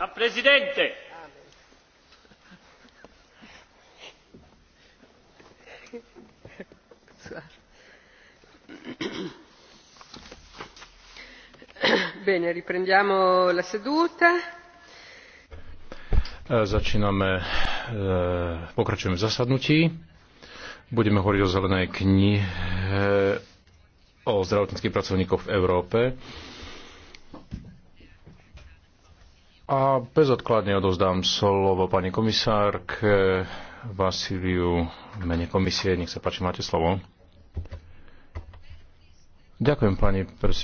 Herr Präsident! Bene, riprendiamo la seduta. Eh, začíname, eh, pokračujeme v zasadnutí. Budeme hovoriť o zelenej knihe eh, o zdravotníckych pracovníkoch v Európe. A bezodkladne odovzdám slovo pani komisárke Vasiliu v mene komisie. Nech sa páči, máte slovo. Ďakujem, pani